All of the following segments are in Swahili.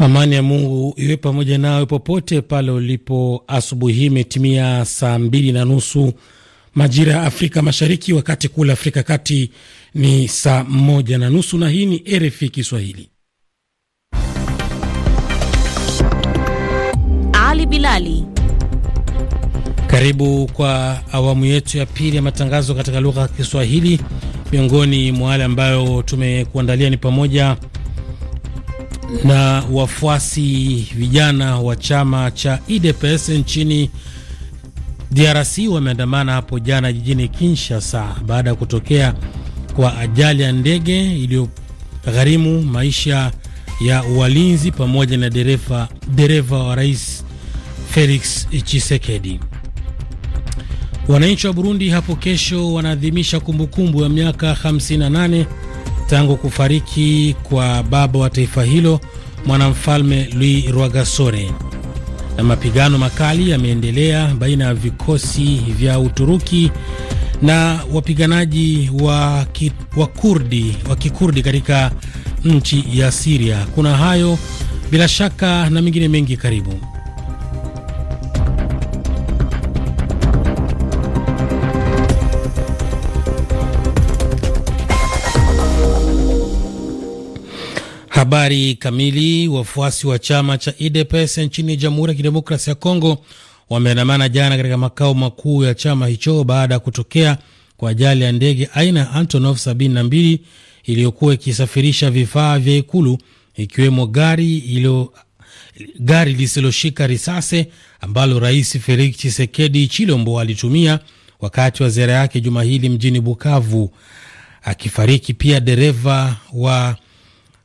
Amani ya Mungu iwe pamoja nawe popote pale ulipo. Asubuhi hii imetimia saa mbili na nusu majira ya Afrika Mashariki, wakati kule Afrika Kati ni saa moja na nusu, na hii ni RFI Kiswahili. Ali Bilali, karibu kwa awamu yetu ya pili ya matangazo katika lugha ya Kiswahili. Miongoni mwa wale ambayo tumekuandalia ni pamoja na wafuasi vijana wa chama cha UDPS nchini DRC wameandamana hapo jana jijini Kinshasa baada ya kutokea kwa ajali ya ndege iliyogharimu maisha ya walinzi pamoja na dereva dereva wa Rais Felix Tshisekedi. Wananchi wa Burundi hapo kesho wanaadhimisha kumbukumbu ya miaka 58 tangu kufariki kwa baba wa taifa hilo mwanamfalme Louis Rwagasore. Na mapigano makali yameendelea baina ya vikosi vya Uturuki na wapiganaji wa, ki, wa, Kurdi, wa kikurdi katika nchi ya Siria. Kuna hayo bila shaka na mengine mengi, karibu habari kamili. Wafuasi wa chama cha UDPS nchini Jamhuri ya Kidemokrasia ya Kongo wameandamana jana katika makao makuu ya chama hicho baada ya kutokea kwa ajali ya ndege aina ya Antonov 72 iliyokuwa ikisafirisha vifaa vya ikulu ikiwemo gari ilo, gari lisiloshika risase ambalo Rais Felix Tshisekedi Chilombo alitumia wakati wa ziara yake juma hili mjini Bukavu, akifariki pia dereva wa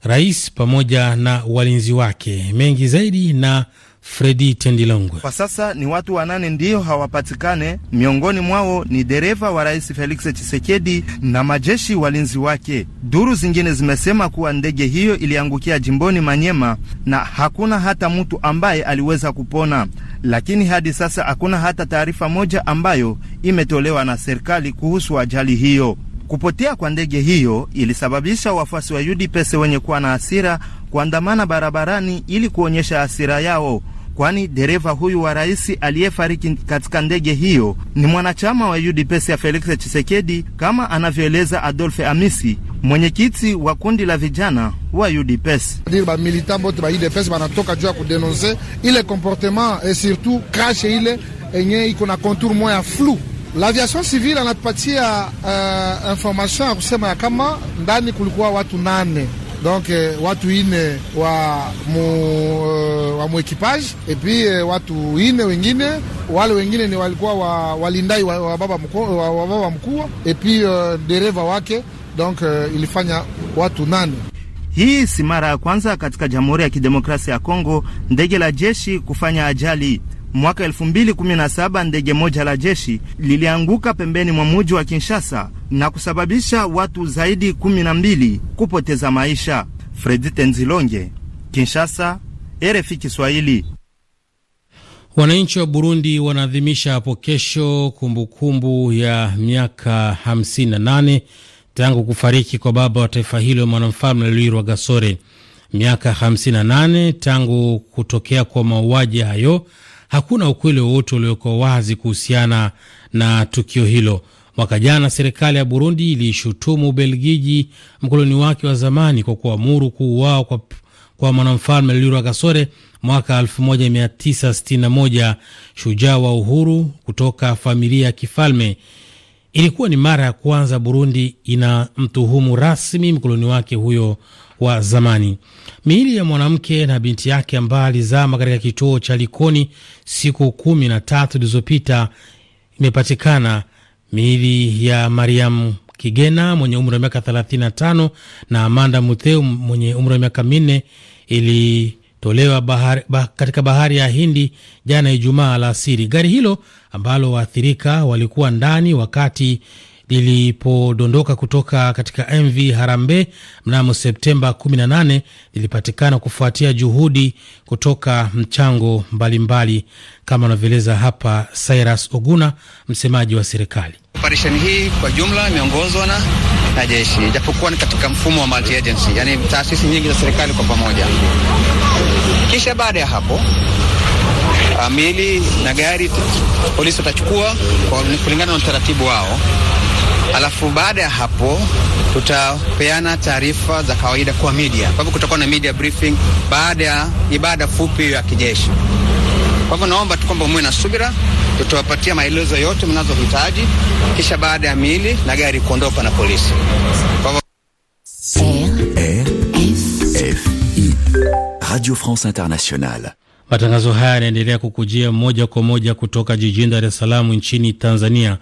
rais pamoja na walinzi wake. Mengi zaidi na Fredi Tendilongwe. Kwa sasa ni watu wanane ndiyo hawapatikane, miongoni mwao ni dereva wa rais Felix chisekedi na majeshi walinzi wake. Duru zingine zimesema kuwa ndege hiyo iliangukia jimboni Manyema na hakuna hata mtu ambaye aliweza kupona, lakini hadi sasa hakuna hata taarifa moja ambayo imetolewa na serikali kuhusu ajali hiyo. Kupotea kwa ndege hiyo ilisababisha wafuasi wa UDPS wenye kuwa na hasira kuandamana barabarani ili kuonyesha hasira yao, kwani dereva huyu wa rais aliyefariki katika ndege hiyo ni mwanachama wa UDPS ya Felix chisekedi kama anavyoeleza adolfe Amisi, mwenyekiti wa kundi la vijana wa UDPS. Ba milita bote ba UDPS banatoka juu ya kudenonse ile comportement et surtout crash ile enye iko na contour moya flou L'aviation civile anatupatia uh, information ya kusema ya kama ndani kulikuwa watu nane donc eh, watu ine wa mu, uh, wa mu et puis eh, watu ine wengine wale wengine ni walikuwa wa, walindai wa, wa baba mkuu wa, wa baba mkuu puis uh, dereva wake donc uh, ilifanya watu nane. Hii si mara ya kwanza katika Jamhuri ya Kidemokrasia ya Kongo ndege la jeshi kufanya ajali. Mwaka 2017 ndege moja la jeshi lilianguka pembeni mwa muji wa Kinshasa na kusababisha watu zaidi 12 kupoteza maisha. Fredi Tenzilonge, Kinshasa, RFI Kiswahili. Wananchi wa Burundi wanaadhimisha hapo kesho kumbukumbu ya miaka 58 tangu kufariki kwa baba wa taifa hilo mwanamfalme Louis Rwagasore. Miaka 58 tangu kutokea kwa mauaji hayo hakuna ukweli wowote uliokuwa wazi kuhusiana na tukio hilo. Mwaka jana serikali ya Burundi iliishutumu Ubelgiji, mkoloni wake wa zamani, kwa kuamuru kuuawa kwa, kwa mwanamfalme kasore mwaka 1961, shujaa wa uhuru kutoka familia ya kifalme. Ilikuwa ni mara ya kwanza Burundi ina mtuhumu rasmi mkoloni wake huyo wa zamani. Miili ya mwanamke na binti yake ambaye alizama katika kituo cha Likoni siku kumi na tatu zilizopita imepatikana. Miili ya Mariam Kigena mwenye umri wa miaka 35 na Amanda Mutheu mwenye umri wa miaka minne ili tolewa bahari, bah, katika bahari ya Hindi jana Ijumaa alasiri. Gari hilo ambalo waathirika walikuwa ndani wakati lilipodondoka kutoka katika MV Harambe mnamo Septemba 18 lilipatikana kufuatia juhudi kutoka mchango mbalimbali mbali, kama anavyoeleza hapa Cyrus Oguna, msemaji wa serikali. Operesheni hii kwa jumla imeongozwa na na jeshi, ijapokuwa ni katika mfumo wa multi agency, yani taasisi nyingi za serikali kwa pamoja. Kisha baada ya hapo ah, mili na gari polisi watachukua kulingana na utaratibu wao alafu baada ya hapo tutapeana taarifa za kawaida kwa media. Kwa hivyo kutakuwa na media briefing baada ya ibada fupi ya kijeshi. Kwa hivyo naomba tu kwamba muwe na subira, tutawapatia maelezo yote mnazohitaji, kisha baada ya miili na gari kuondoka na polisi. Kwa hivyo Radio France Internationale. Matangazo haya yanaendelea kukujia moja kwa moja kutoka jijini Dar es Salaam nchini Tanzania.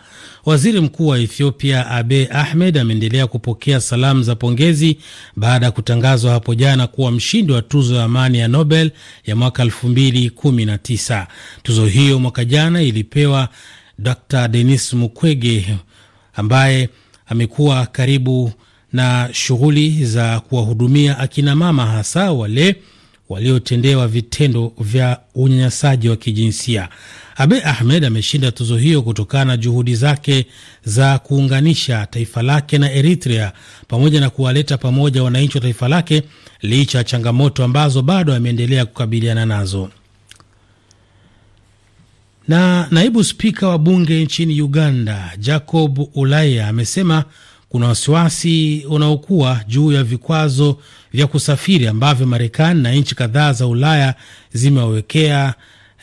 Waziri Mkuu wa Ethiopia Abiy Ahmed ameendelea kupokea salamu za pongezi baada ya kutangazwa hapo jana kuwa mshindi wa tuzo ya amani ya Nobel ya mwaka 2019. Tuzo hiyo mwaka jana ilipewa Dr Denis Mukwege ambaye amekuwa karibu na shughuli za kuwahudumia akinamama hasa wale waliotendewa vitendo vya unyanyasaji wa kijinsia. Abe Ahmed ameshinda tuzo hiyo kutokana na juhudi zake za kuunganisha taifa lake na Eritrea pamoja na kuwaleta pamoja wananchi wa taifa lake licha ya changamoto ambazo bado ameendelea kukabiliana nazo. Na naibu spika wa bunge nchini Uganda Jacob Ulaya amesema kuna wasiwasi unaokuwa juu ya vikwazo vya kusafiri ambavyo Marekani na nchi kadhaa za Ulaya zimewawekea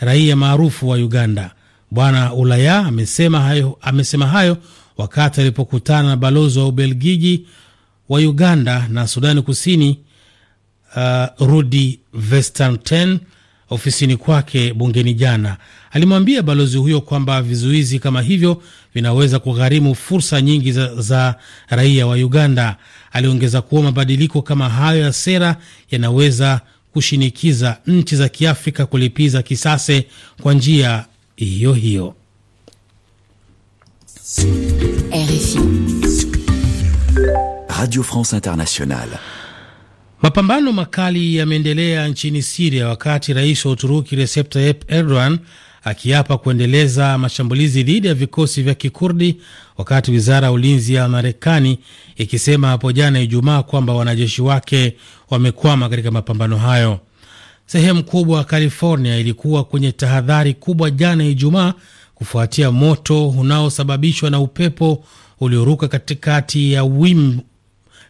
raia maarufu wa Uganda. Bwana Ulaya amesema hayo, amesema hayo wakati alipokutana na balozi wa Ubelgiji wa Uganda na Sudani Kusini, uh, Rudi Vestanten ofisini kwake bungeni jana alimwambia balozi huyo kwamba vizuizi kama hivyo vinaweza kugharimu fursa nyingi za, za raia wa Uganda. Aliongeza kuwa mabadiliko kama hayo ya sera yanaweza kushinikiza nchi za Kiafrika kulipiza kisase kwa njia hiyo hiyo. Radio France Internationale Mapambano makali yameendelea nchini Siria wakati rais wa Uturuki Recep Tayyip Erdogan akiapa kuendeleza mashambulizi dhidi ya vikosi vya Kikurdi, wakati wizara ya ulinzi ya Marekani ikisema hapo jana Ijumaa kwamba wanajeshi wake wamekwama katika mapambano hayo. Sehemu kubwa ya California ilikuwa kwenye tahadhari kubwa jana Ijumaa kufuatia moto unaosababishwa na upepo ulioruka katikati ya wim,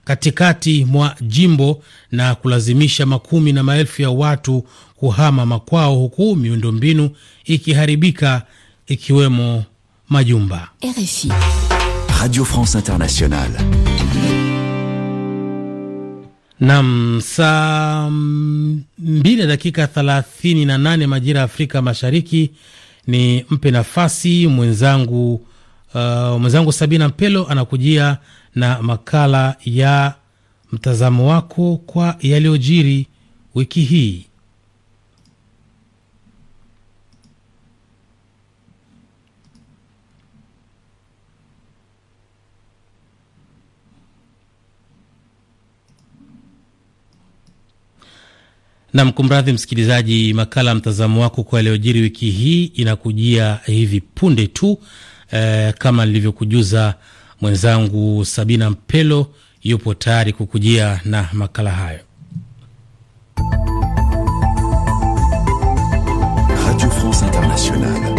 katikati mwa jimbo na kulazimisha makumi na maelfu ya watu kuhama makwao, huku miundombinu ikiharibika ikiwemo majumba. RFI, Radio France Internationale. Nam, saa mbili na dakika thelathini na nane majira ya Afrika Mashariki. Ni mpe nafasi mwenzangu, uh, mwenzangu Sabina Mpelo anakujia na makala ya mtazamo wako kwa yaliyojiri wiki hii. Nam, kumradhi msikilizaji, makala ya mtazamo wako kwa yaliyojiri wiki hii inakujia hivi punde tu eh, kama nilivyokujuza Mwenzangu Sabina Mpelo yupo tayari kukujia na makala hayo. Radio France Internationale.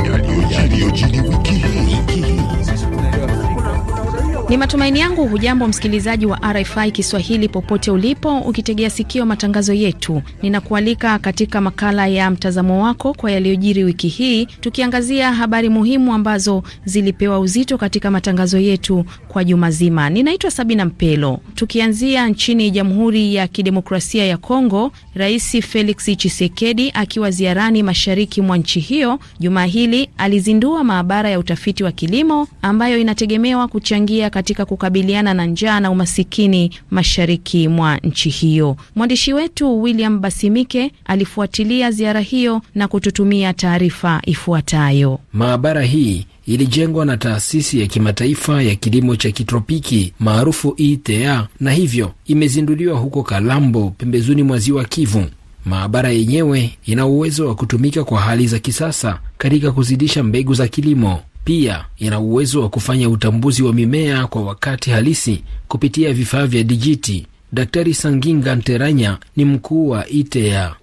Ni matumaini yangu hujambo msikilizaji wa RFI Kiswahili popote ulipo, ukitegea sikio matangazo yetu. Ninakualika katika makala ya mtazamo wako kwa yaliyojiri wiki hii, tukiangazia habari muhimu ambazo zilipewa uzito katika matangazo yetu kwa juma zima. Ninaitwa Sabina Mpelo. Tukianzia nchini Jamhuri ya Kidemokrasia ya Kongo, Rais Felix Tshisekedi akiwa ziarani mashariki mwa nchi hiyo juma hili alizindua maabara ya utafiti wa kilimo ambayo inategemewa kuchangia katika kukabiliana na njaa na umasikini mashariki mwa nchi hiyo. Mwandishi wetu William Basimike alifuatilia ziara hiyo na kututumia taarifa ifuatayo. Maabara hii ilijengwa na taasisi ya kimataifa ya kilimo cha kitropiki maarufu ITA e na hivyo imezinduliwa huko Kalambo, pembezoni mwa ziwa Kivu. Maabara yenyewe ina uwezo wa kutumika kwa hali za kisasa katika kuzidisha mbegu za kilimo. Pia ina uwezo wa kufanya utambuzi wa mimea kwa wakati halisi kupitia vifaa vya dijiti Daktari Sanginga Nteranya ni mkuu wa e ITEA.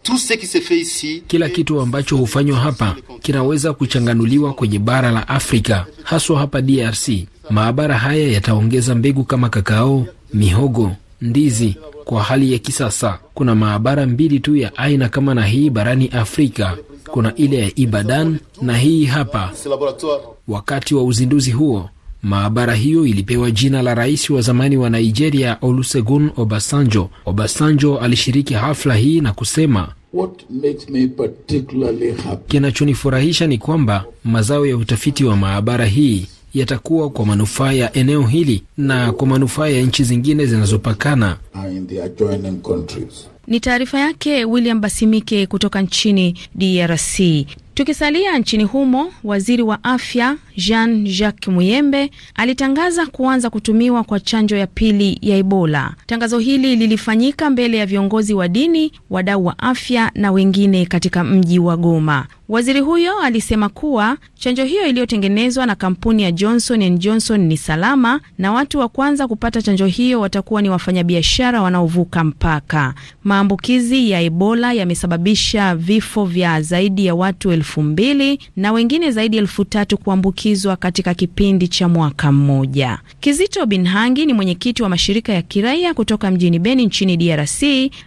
Kila kitu ambacho hufanywa hapa kinaweza kuchanganuliwa kwenye bara la Afrika, haswa hapa DRC. Maabara haya yataongeza mbegu kama kakao, mihogo, ndizi kwa hali ya kisasa. Kuna maabara mbili tu ya aina kama na hii barani Afrika, kuna ile ya Ibadan na hii hapa. Wakati wa uzinduzi huo Maabara hiyo ilipewa jina la rais wa zamani wa Nigeria Olusegun Obasanjo. Obasanjo alishiriki hafla hii na kusema kinachonifurahisha ni kwamba mazao ya utafiti wa maabara hii yatakuwa kwa manufaa ya eneo hili na kwa manufaa ya nchi zingine zinazopakana. Ni taarifa yake William Basimike kutoka nchini DRC. Tukisalia nchini humo, waziri wa afya Jean Jacques Muyembe alitangaza kuanza kutumiwa kwa chanjo ya pili ya Ebola. Tangazo hili lilifanyika mbele ya viongozi wa dini, wadau wa afya na wengine katika mji wa Goma. Waziri huyo alisema kuwa chanjo hiyo iliyotengenezwa na kampuni ya Johnson and Johnson ni salama na watu wa kwanza kupata chanjo hiyo watakuwa ni wafanyabiashara wanaovuka mpaka. Maambukizi ya Ebola yamesababisha vifo vya zaidi ya watu elfu mbili na wengine zaidi ya elfu tatu kuambukizwa katika kipindi cha mwaka mmoja. Kizito Binhangi ni mwenyekiti wa mashirika ya kiraia kutoka mjini Beni nchini DRC,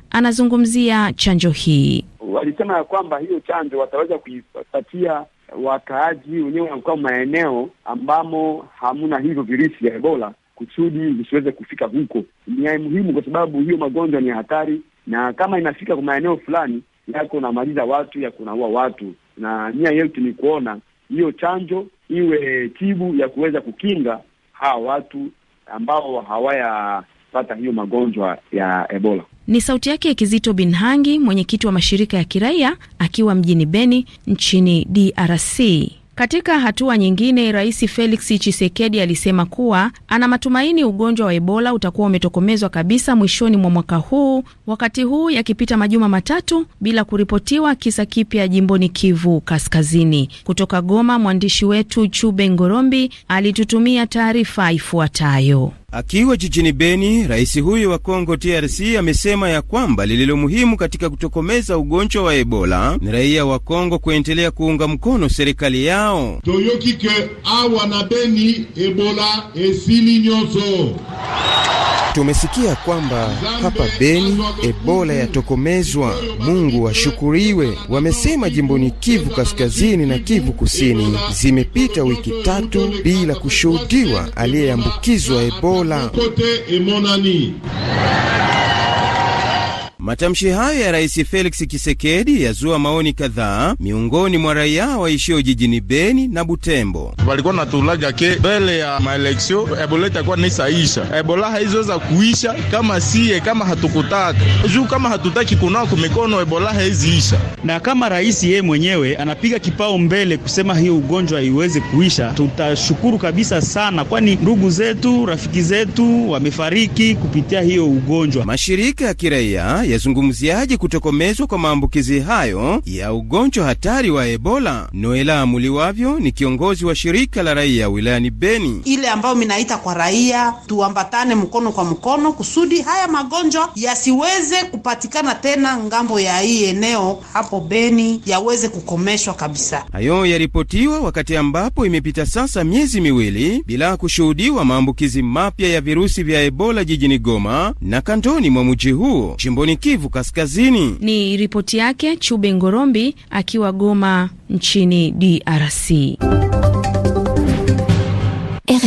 anazungumzia chanjo hii walisema ya kwamba hiyo chanjo wataweza kuipatia wakaaji wenyewe wa maeneo ambamo hamna hivyo virusi vya Ebola kusudi visiweze kufika huko. Ni muhimu kwa sababu hiyo magonjwa ni hatari, na kama inafika kwa maeneo fulani yako namaliza watu ya kunaua watu, na nia yetu ni kuona hiyo chanjo iwe tibu ya kuweza kukinga hawa watu ambao hawayapata hiyo magonjwa ya Ebola. Ni sauti yake Kizito Binhangi, mwenyekiti wa mashirika ya kiraia akiwa mjini Beni nchini DRC. Katika hatua nyingine, Rais Felix Tshisekedi alisema kuwa ana matumaini ugonjwa wa Ebola utakuwa umetokomezwa kabisa mwishoni mwa mwaka huu, wakati huu yakipita majuma matatu bila kuripotiwa kisa kipya jimboni Kivu Kaskazini. Kutoka Goma, mwandishi wetu Chube Ngorombi alitutumia taarifa ifuatayo. Akiwa jijini Beni, rais huyo wa Kongo DRC amesema ya kwamba lililo muhimu katika kutokomeza ugonjwa wa Ebola ni raia wa Kongo kuendelea kuunga mkono serikali yao. toyokike awa na Beni Ebola esili nyoso Tumesikia kwamba hapa Beni Ebola yatokomezwa, Mungu washukuriwe. Wamesema jimboni Kivu Kaskazini na Kivu Kusini zimepita wiki tatu bila kushuhudiwa aliyeambukizwa Ebola côté et mon ami. Matamshi hayo ya Rais Felix Kisekedi yazua maoni kadhaa miongoni mwa raia waishio jijini Beni na Butembo. Walikuwa natulaga ke mbele ya maeleksio Ebola itakuwa nisaisha. Ebola haizoweza kuisha kama siye, kama hatukutaka juu, kama hatutaki kwa kumikono, Ebola haiziisha. Na kama rais yeye mwenyewe anapiga kipao mbele kusema hiyo ugonjwa iweze kuisha, tutashukuru kabisa sana, kwani ndugu zetu, rafiki zetu wamefariki kupitia hiyo ugonjwa. Mashirika ya kiraia yazungumziaje kutokomezwa kwa maambukizi hayo ya ugonjwa hatari wa Ebola? Noela Muliwavyo ni kiongozi wa shirika la raia wilayani Beni. Ile ambayo minaita kwa raia, tuambatane mkono kwa mkono kusudi haya magonjwa yasiweze kupatikana tena ngambo ya hii eneo hapo Beni, yaweze kukomeshwa kabisa. Hayo yaripotiwa wakati ambapo imepita sasa miezi miwili bila kushuhudiwa maambukizi mapya ya virusi vya Ebola jijini Goma na kantoni mwa mji huo jimboni Kivu Kaskazini. Ni ripoti yake Chube Ngorombi akiwa Goma nchini DRC.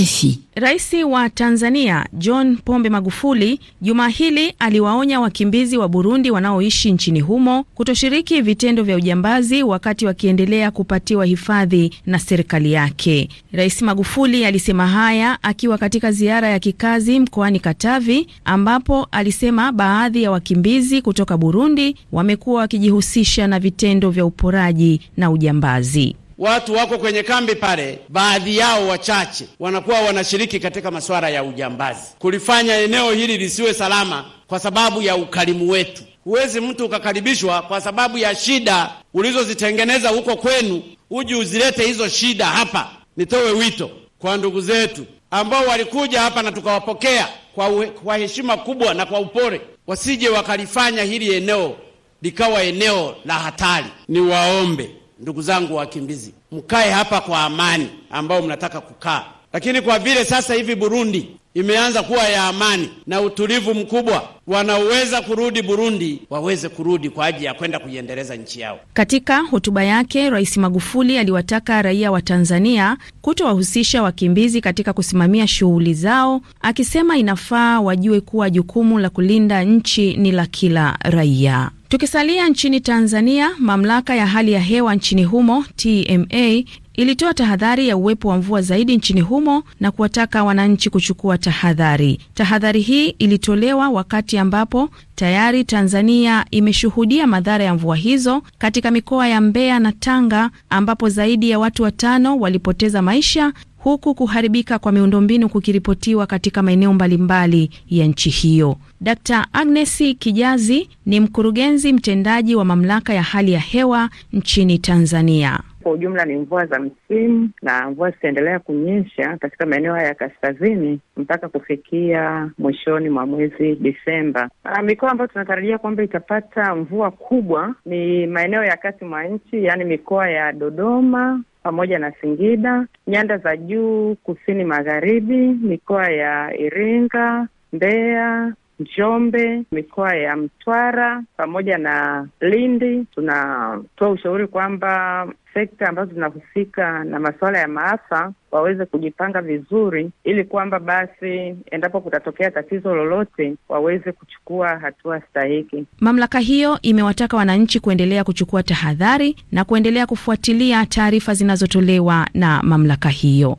RFI. Rais wa Tanzania John Pombe Magufuli juma hili aliwaonya wakimbizi wa Burundi wanaoishi nchini humo kutoshiriki vitendo vya ujambazi wakati wakiendelea kupatiwa hifadhi na serikali yake. Rais Magufuli alisema haya akiwa katika ziara ya kikazi mkoani Katavi, ambapo alisema baadhi ya wakimbizi kutoka Burundi wamekuwa wakijihusisha na vitendo vya uporaji na ujambazi watu wako kwenye kambi pale, baadhi yao wachache wanakuwa wanashiriki katika masuala ya ujambazi, kulifanya eneo hili lisiwe salama kwa sababu ya ukarimu wetu. Huwezi mtu ukakaribishwa kwa sababu ya shida ulizozitengeneza huko kwenu, uji uzilete hizo shida hapa. Nitowe wito kwa ndugu zetu ambao walikuja hapa na tukawapokea kwa, kwa heshima kubwa na kwa upole, wasije wakalifanya hili eneo likawa eneo la hatari. Niwaombe Ndugu zangu wakimbizi, mkae hapa kwa amani ambao mnataka kukaa, lakini kwa vile sasa hivi Burundi imeanza kuwa ya amani na utulivu mkubwa, wanaoweza kurudi Burundi waweze kurudi kwa ajili ya kwenda kuiendeleza nchi yao. Katika hotuba yake, Rais Magufuli aliwataka raia wa Tanzania kutowahusisha wakimbizi katika kusimamia shughuli zao, akisema inafaa wajue kuwa jukumu la kulinda nchi ni la kila raia. Tukisalia nchini Tanzania, mamlaka ya hali ya hewa nchini humo TMA ilitoa tahadhari ya uwepo wa mvua zaidi nchini humo na kuwataka wananchi kuchukua tahadhari. Tahadhari hii ilitolewa wakati ambapo tayari Tanzania imeshuhudia madhara ya mvua hizo katika mikoa ya Mbeya na Tanga ambapo zaidi ya watu watano walipoteza maisha huku kuharibika kwa miundombinu kukiripotiwa katika maeneo mbalimbali ya nchi hiyo. Dkt Agnes Kijazi ni mkurugenzi mtendaji wa mamlaka ya hali ya hewa nchini Tanzania. Kwa ujumla ni mvua za msimu na mvua zitaendelea kunyesha katika maeneo haya ya kaskazini mpaka kufikia mwishoni mwa mwezi Disemba. Ah, mikoa ambayo tunatarajia kwamba itapata mvua kubwa ni maeneo ya kati mwa nchi, yaani mikoa ya Dodoma, pamoja na Singida, nyanda za juu kusini magharibi, mikoa ya Iringa, Mbeya, Njombe, mikoa ya Mtwara pamoja na Lindi. Tunatoa ushauri kwamba sekta ambazo zinahusika na masuala ya maafa waweze kujipanga vizuri, ili kwamba basi endapo kutatokea tatizo lolote waweze kuchukua hatua stahiki. Mamlaka hiyo imewataka wananchi kuendelea kuchukua tahadhari na kuendelea kufuatilia taarifa zinazotolewa na mamlaka hiyo.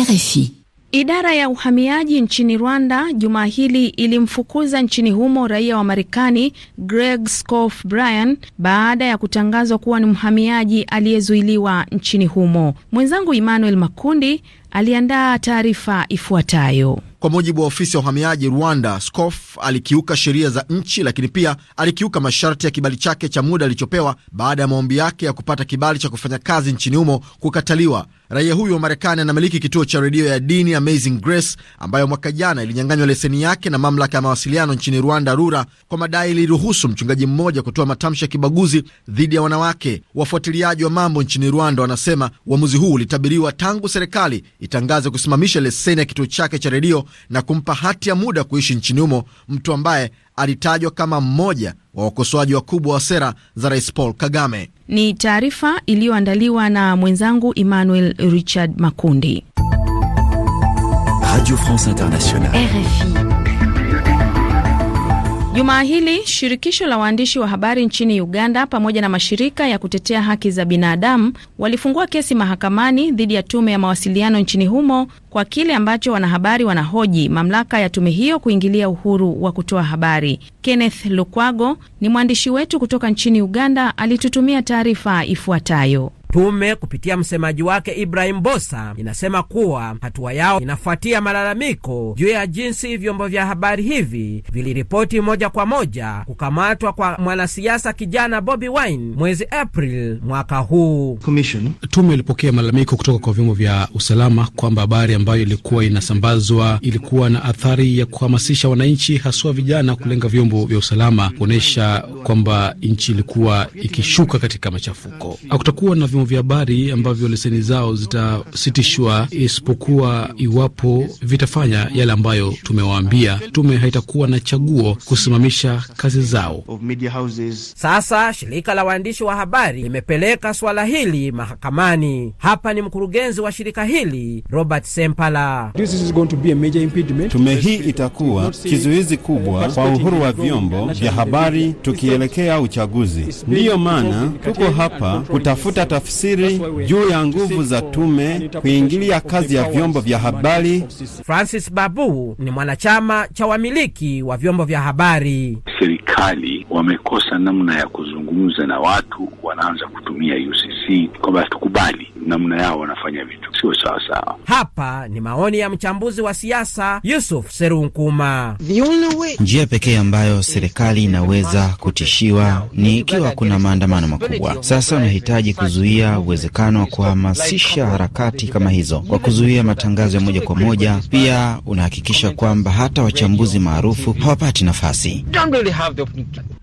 RFI Idara ya uhamiaji nchini Rwanda jumaa hili ilimfukuza nchini humo raia wa Marekani Greg Scof Brian baada ya kutangazwa kuwa ni mhamiaji aliyezuiliwa nchini humo. Mwenzangu Emmanuel Makundi aliandaa taarifa ifuatayo. Kwa mujibu wa ofisi ya uhamiaji Rwanda, Scof alikiuka sheria za nchi, lakini pia alikiuka masharti ya kibali chake cha muda alichopewa baada ya maombi yake ya kupata kibali cha kufanya kazi nchini humo kukataliwa. Raia huyu wa Marekani anamiliki kituo cha redio ya dini Amazing Grace ambayo mwaka jana ilinyang'anywa leseni yake na mamlaka ya mawasiliano nchini Rwanda, RURA, kwa madai iliruhusu mchungaji mmoja kutoa matamshi ya kibaguzi dhidi ya wanawake. Wafuatiliaji wa mambo nchini Rwanda wanasema uamuzi huu ulitabiriwa tangu serikali itangaze kusimamisha leseni ya kituo chake cha redio na kumpa hati ya muda kuishi nchini humo, mtu ambaye alitajwa kama mmoja wa wakosoaji wakubwa wa sera za Rais Paul Kagame. Ni taarifa iliyoandaliwa na mwenzangu Emmanuel Richard Makundi, Radio France Internationale, RFI. Jumaa hili shirikisho la waandishi wa habari nchini Uganda pamoja na mashirika ya kutetea haki za binadamu walifungua kesi mahakamani dhidi ya tume ya mawasiliano nchini humo kwa kile ambacho wanahabari wanahoji mamlaka ya tume hiyo kuingilia uhuru wa kutoa habari. Kenneth Lukwago ni mwandishi wetu kutoka nchini Uganda, alitutumia taarifa ifuatayo. Tume kupitia msemaji wake Ibrahim Bosa inasema kuwa hatua yao inafuatia malalamiko juu ya jinsi vyombo vya habari hivi viliripoti moja kwa moja kukamatwa kwa mwanasiasa kijana Bobi Wine mwezi Aprili mwaka huu. Commission. Tume ilipokea malalamiko kutoka kwa vyombo vya usalama kwamba habari ambayo ilikuwa inasambazwa ilikuwa na athari ya kuhamasisha wananchi, haswa vijana, kulenga vyombo vya usalama, kuonyesha kwamba nchi ilikuwa ikishuka katika machafuko. Hakutakuwa na vyombo vyombo vya habari ambavyo leseni zao zitasitishwa isipokuwa iwapo vitafanya yale ambayo tumewaambia. Tume haitakuwa na chaguo kusimamisha kazi zao. Sasa shirika la waandishi wa habari limepeleka swala hili mahakamani. Hapa ni mkurugenzi wa shirika hili Robert Sempala. Tume hii itakuwa kizuizi kubwa kwa uhuru wa vyombo vya habari tukielekea uchaguzi. Ndiyo maana tuko hapa kutafuta tafsiri tafsiri juu ya nguvu za tume kuingilia kazi ya vyombo vya habari. Francis Babu ni mwanachama cha wamiliki wa vyombo vya habari. Serikali wamekosa namna ya kuzungumza na watu, wanaanza kutumia UCC kwamba tukubali namna yao wanafanya vitu sio sawasawa. Hapa ni maoni ya mchambuzi wa siasa Yusuf Serunkuma. Njia pekee ambayo serikali inaweza kutishiwa ni ikiwa kuna maandamano makubwa. Sasa unahitaji kuzuia uwezekano wa kuhamasisha harakati kama hizo kwa kuzuia matangazo ya moja kwa moja. Pia unahakikisha kwamba hata wachambuzi maarufu hawapati nafasi.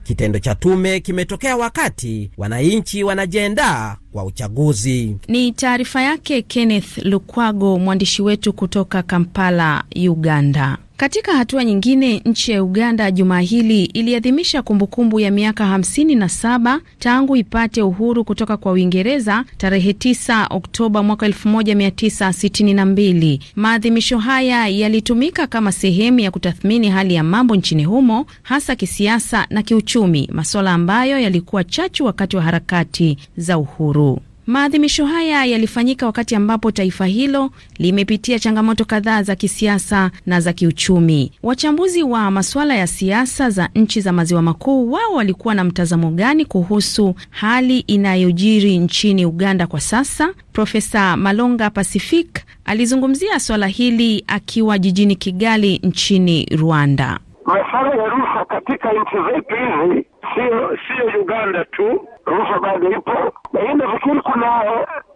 Kitendo cha tume kimetokea wakati wananchi wanajiandaa kwa uchaguzi. Ni taarifa yake Kenneth Lukwago, mwandishi wetu kutoka Kampala, Uganda. Katika hatua nyingine, nchi ya Uganda juma hili iliadhimisha kumbukumbu ya miaka 57 tangu ipate uhuru kutoka kwa Uingereza tarehe 9 Oktoba mwaka 1962. Maadhimisho haya yalitumika kama sehemu ya kutathmini hali ya mambo nchini humo, hasa kisiasa na kiuchumi, masuala ambayo yalikuwa chachu wakati wa harakati za uhuru. Maadhimisho haya yalifanyika wakati ambapo taifa hilo limepitia changamoto kadhaa za kisiasa na za kiuchumi. Wachambuzi wa masuala ya siasa za nchi za maziwa makuu, wao walikuwa na mtazamo gani kuhusu hali inayojiri nchini Uganda kwa sasa? Profesa Malonga Pacific alizungumzia swala hili akiwa jijini Kigali nchini Rwanda. Masala ya rushwa katika nchi zetu hizi sio sio Uganda tu, rushwa bado ipo, lakini nafikiri kuna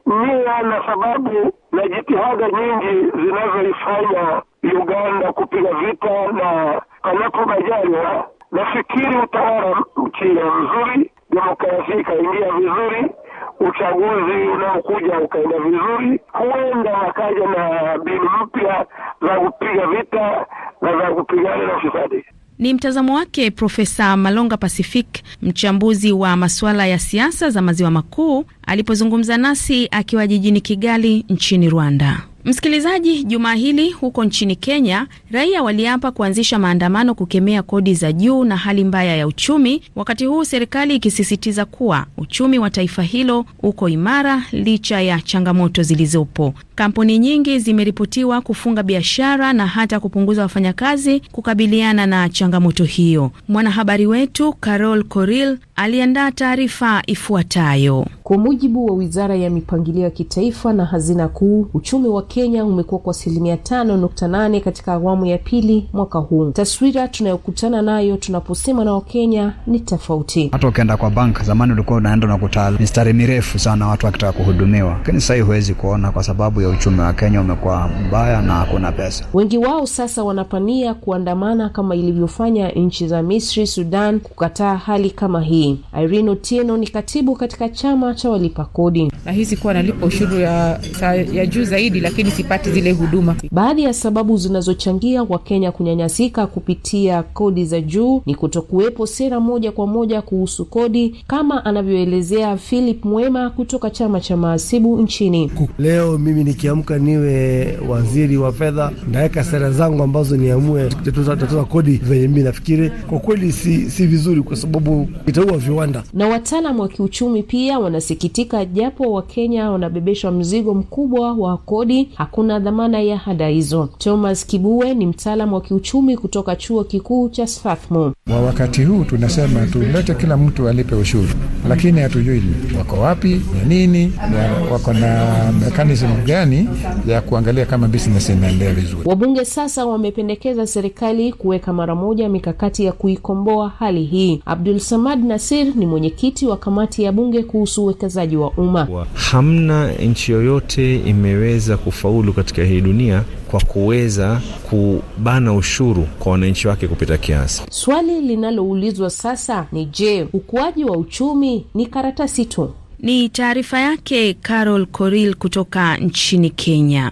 nia na sababu na jitihada nyingi zinazoifanya Uganda kupiga vita na panapo majaliwa, nafikiri utawala mchia mzuri, demokrasia ikaingia vizuri uchaguzi unaokuja ukaenda vizuri, huenda wakaja na mbinu mpya za kupiga vita na za kupigana na ufisadi. Ni mtazamo wake Profesa Malonga Pacific, mchambuzi wa masuala ya siasa za maziwa makuu, alipozungumza nasi akiwa jijini Kigali nchini Rwanda. Msikilizaji, juma hili huko nchini Kenya raia waliapa kuanzisha maandamano kukemea kodi za juu na hali mbaya ya uchumi, wakati huu serikali ikisisitiza kuwa uchumi wa taifa hilo uko imara licha ya changamoto zilizopo. Kampuni nyingi zimeripotiwa kufunga biashara na hata kupunguza wafanyakazi kukabiliana na changamoto hiyo. Mwanahabari wetu Carol Coril aliandaa taarifa ifuatayo. Kwa mujibu wa wizara ya mipangilio ya kitaifa na hazina kuu, uchumi wa Kenya umekuwa kwa asilimia tano nukta nane katika awamu ya pili mwaka huu. Taswira tunayokutana nayo tunaposema na Wakenya ni tofauti. Hata ukienda kwa bank zamani, ulikuwa unaenda unakuta mistari mirefu sana watu wakitaka kuhudumiwa, lakini sasa huwezi kuona kwa sababu ya uchumi wa Kenya umekuwa mbaya na hakuna pesa. Wengi wao sasa wanapania kuandamana kama ilivyofanya nchi za Misri, Sudan kukataa hali kama hii. Irene Otieno ni katibu katika chama cha walipa kodi. Nahisi kuwa nalipa ushuru ya, ya juu zaidi, lakini sipati zile huduma. Baadhi ya sababu zinazochangia Wakenya kunyanyasika kupitia kodi za juu ni kutokuwepo sera moja kwa moja kuhusu kodi, kama anavyoelezea Philip Mwema kutoka chama cha mahasibu nchini. Leo mimi nikiamka niwe waziri wa fedha, naweka sera zangu ambazo niamue tatoza kodi venye mimi nafikiri. Kwa kweli si, si vizuri kwa sababu itaua wa viwanda. Na wataalam wa kiuchumi pia wanasikitika, japo Wakenya wanabebeshwa mzigo mkubwa wa kodi, hakuna dhamana ya hada hizo. Thomas Kibue ni mtaalam wa kiuchumi kutoka chuo kikuu cha Strathmore. Kwa wakati huu tunasema tulete kila mtu alipe ushuru, lakini hatujui wako wapi na nini, wako na mekanism gani ya kuangalia kama business inaendea vizuri. Wabunge sasa wamependekeza serikali kuweka mara moja mikakati ya kuikomboa hali hii. Abdul Samad na Nasir ni mwenyekiti wa kamati ya bunge kuhusu uwekezaji wa umma. Hamna nchi yoyote imeweza kufaulu katika hii dunia kwa kuweza kubana ushuru kwa wananchi wake kupita kiasi. Swali linaloulizwa sasa ni je, ukuaji wa uchumi ni karatasi tu? Ni taarifa yake Carol coril kutoka nchini Kenya,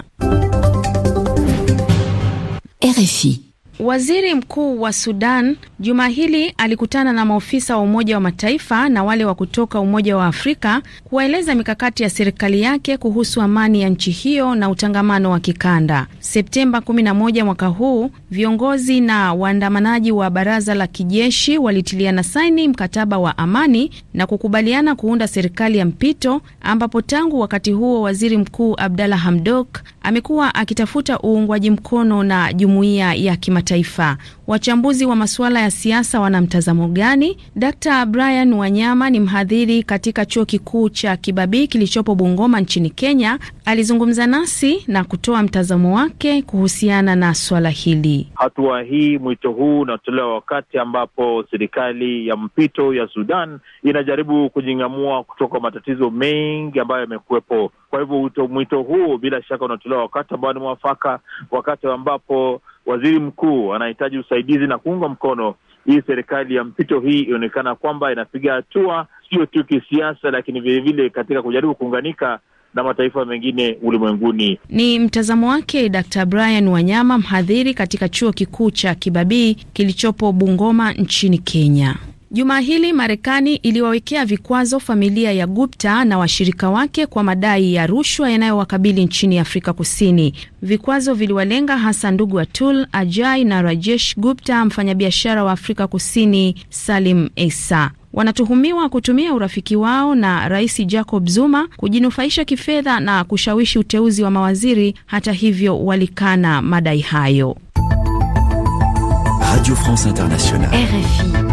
RFI. Waziri Mkuu wa Sudan juma hili alikutana na maofisa wa Umoja wa Mataifa na wale wa kutoka Umoja wa Afrika kuwaeleza mikakati ya serikali yake kuhusu amani ya nchi hiyo na utangamano wa kikanda. Septemba 11 mwaka huu, viongozi na waandamanaji wa baraza la kijeshi walitiliana saini mkataba wa amani na kukubaliana kuunda serikali ya mpito, ambapo tangu wakati huo waziri mkuu Abdalla Hamdok amekuwa akitafuta uungwaji mkono na jumuiya ya kimataifa kimataifa. Wachambuzi wa masuala ya siasa wana mtazamo gani? d Brian Wanyama ni mhadhiri katika chuo kikuu cha Kibabii kilichopo Bungoma nchini Kenya. Alizungumza nasi na kutoa mtazamo wake kuhusiana na swala hili. Hatua hii, mwito huu unatolewa wakati ambapo serikali ya mpito ya Sudan inajaribu kujing'amua kutoka matatizo mengi ambayo yamekuwepo. Kwa hivyo mwito huu bila shaka unatolewa wakati ambao ni mwafaka, wakati ambapo waziri mkuu anahitaji usaidizi na kuunga mkono hii serikali ya mpito hii inaonekana kwamba inapiga hatua sio tu kisiasa, lakini vilevile katika kujaribu kuunganika na mataifa mengine ulimwenguni. Ni mtazamo wake Dr. Brian Wanyama, mhadhiri katika chuo kikuu cha Kibabii kilichopo Bungoma nchini Kenya. Juma hili Marekani iliwawekea vikwazo familia ya Gupta na washirika wake kwa madai ya rushwa yanayowakabili nchini Afrika Kusini. Vikwazo viliwalenga hasa ndugu Atul, Ajay na Rajesh Gupta, mfanyabiashara wa Afrika Kusini Salim Esa. Wanatuhumiwa kutumia urafiki wao na Rais Jacob Zuma kujinufaisha kifedha na kushawishi uteuzi wa mawaziri. Hata hivyo, walikana madai hayo. Radio France Internationale. RFI.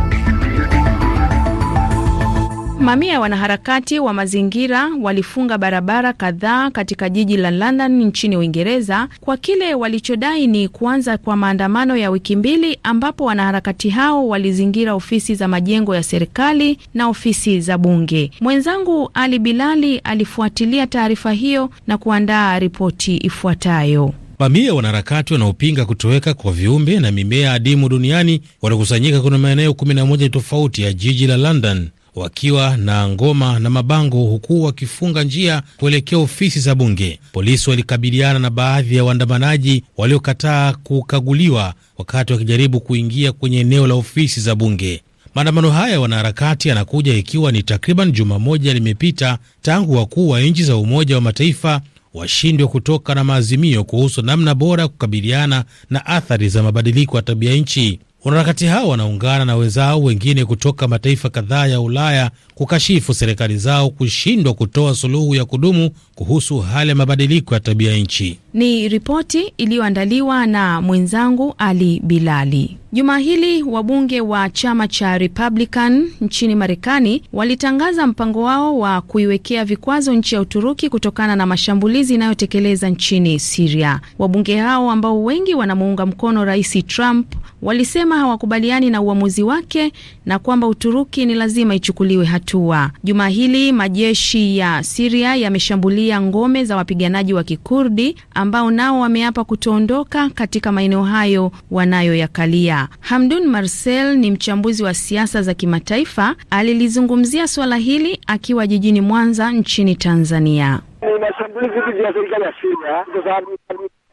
Mamia ya wanaharakati wa mazingira walifunga barabara kadhaa katika jiji la London nchini Uingereza kwa kile walichodai ni kuanza kwa maandamano ya wiki mbili, ambapo wanaharakati hao walizingira ofisi za majengo ya serikali na ofisi za bunge. Mwenzangu Ali Bilali alifuatilia taarifa hiyo na kuandaa ripoti ifuatayo. Mamia ya wanaharakati wanaopinga kutoweka kwa viumbe na mimea adimu duniani wanakusanyika kwenye maeneo 11 tofauti ya jiji la London wakiwa na ngoma na mabango, huku wakifunga njia kuelekea ofisi za bunge. Polisi walikabiliana na baadhi ya waandamanaji waliokataa kukaguliwa wakati wakijaribu kuingia kwenye eneo la ofisi za bunge. Maandamano haya ya wanaharakati yanakuja ikiwa ni takriban juma moja limepita tangu wakuu wa nchi za Umoja wa Mataifa washindwe kutoka na maazimio kuhusu namna bora ya kukabiliana na athari za mabadiliko ya tabia nchi. Wanaharakati hao wanaungana na wenzao wengine kutoka mataifa kadhaa ya Ulaya kukashifu serikali zao kushindwa kutoa suluhu ya kudumu kuhusu hali ya mabadiliko ya tabia nchi. Ni ripoti iliyoandaliwa na mwenzangu Ali Bilali. Juma hili wabunge wa chama cha Republican nchini Marekani walitangaza mpango wao wa kuiwekea vikwazo nchi ya Uturuki kutokana na mashambulizi inayotekeleza nchini Siria. Wabunge hao ambao wengi wanamuunga mkono Rais Trump walisema hawakubaliani na uamuzi wake na kwamba Uturuki ni lazima ichukuliwe hatua hatua. Juma hili majeshi ya Siria yameshambulia ngome za wapiganaji wa Kikurdi ambao nao wameapa kutoondoka katika maeneo hayo wanayoyakalia. Hamdun Marcel ni mchambuzi wa siasa za kimataifa, alilizungumzia suala hili akiwa jijini Mwanza nchini Tanzania. mashambulizi dhidi ya serikali ya Siria kwa sababu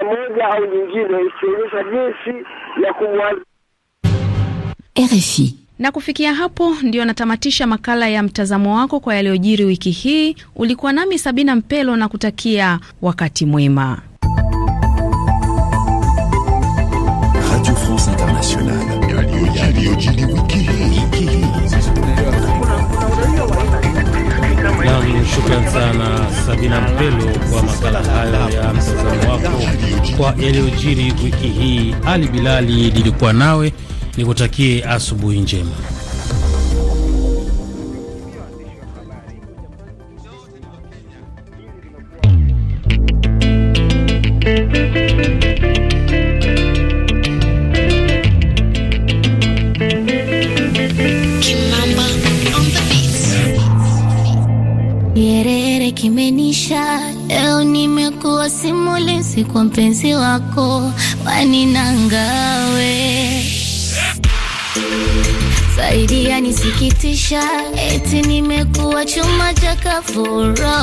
moja au nyingine isionyesha jinsi ya RFI na kufikia hapo ndio natamatisha makala ya mtazamo wako kwa yaliyojiri wiki hii. Ulikuwa nami Sabina Mpelo na kutakia wakati mwema. Radio France Internationale. Nam, shukran sana Sabina Mpelo kwa makala hayo ya mtazamo wako kwa yaliyojiri wiki hii. Ali Bilali lilikuwa nawe nikutakie asubuhi njema. Kimenisha leo nimekuwa simulizi kwa mpenzi wako waninanga yanisikitisha, eti nimekuwa chuma cha kafuro,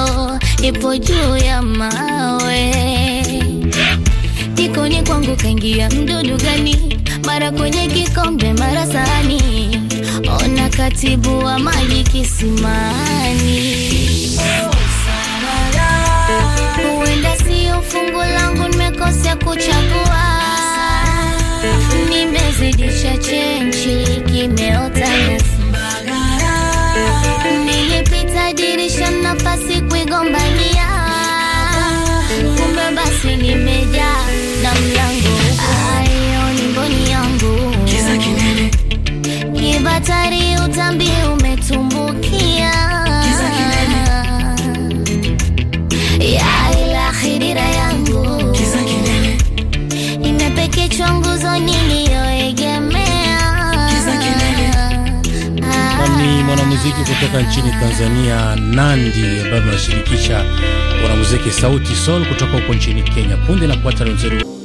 ipo juu ya mawe, jikoni kwangu kaingia mdudu gani? Mara kwenye kikombe, mara sahani, ona katibu wa maji kisimani. Huenda sio fungu langu, nimekosea kuchagua nimezidisha chenchi kimeota nilipita dirisha nafasi kuigombania kumbe basi nimejaa na mlango ayo nimboni yangu kibatari utambi ume muziki kutoka nchini Tanzania, Nandi ambaye amewashirikisha wanamuziki Sauti Sol kutoka huko nchini Kenya. Punde na kuacha nzuri.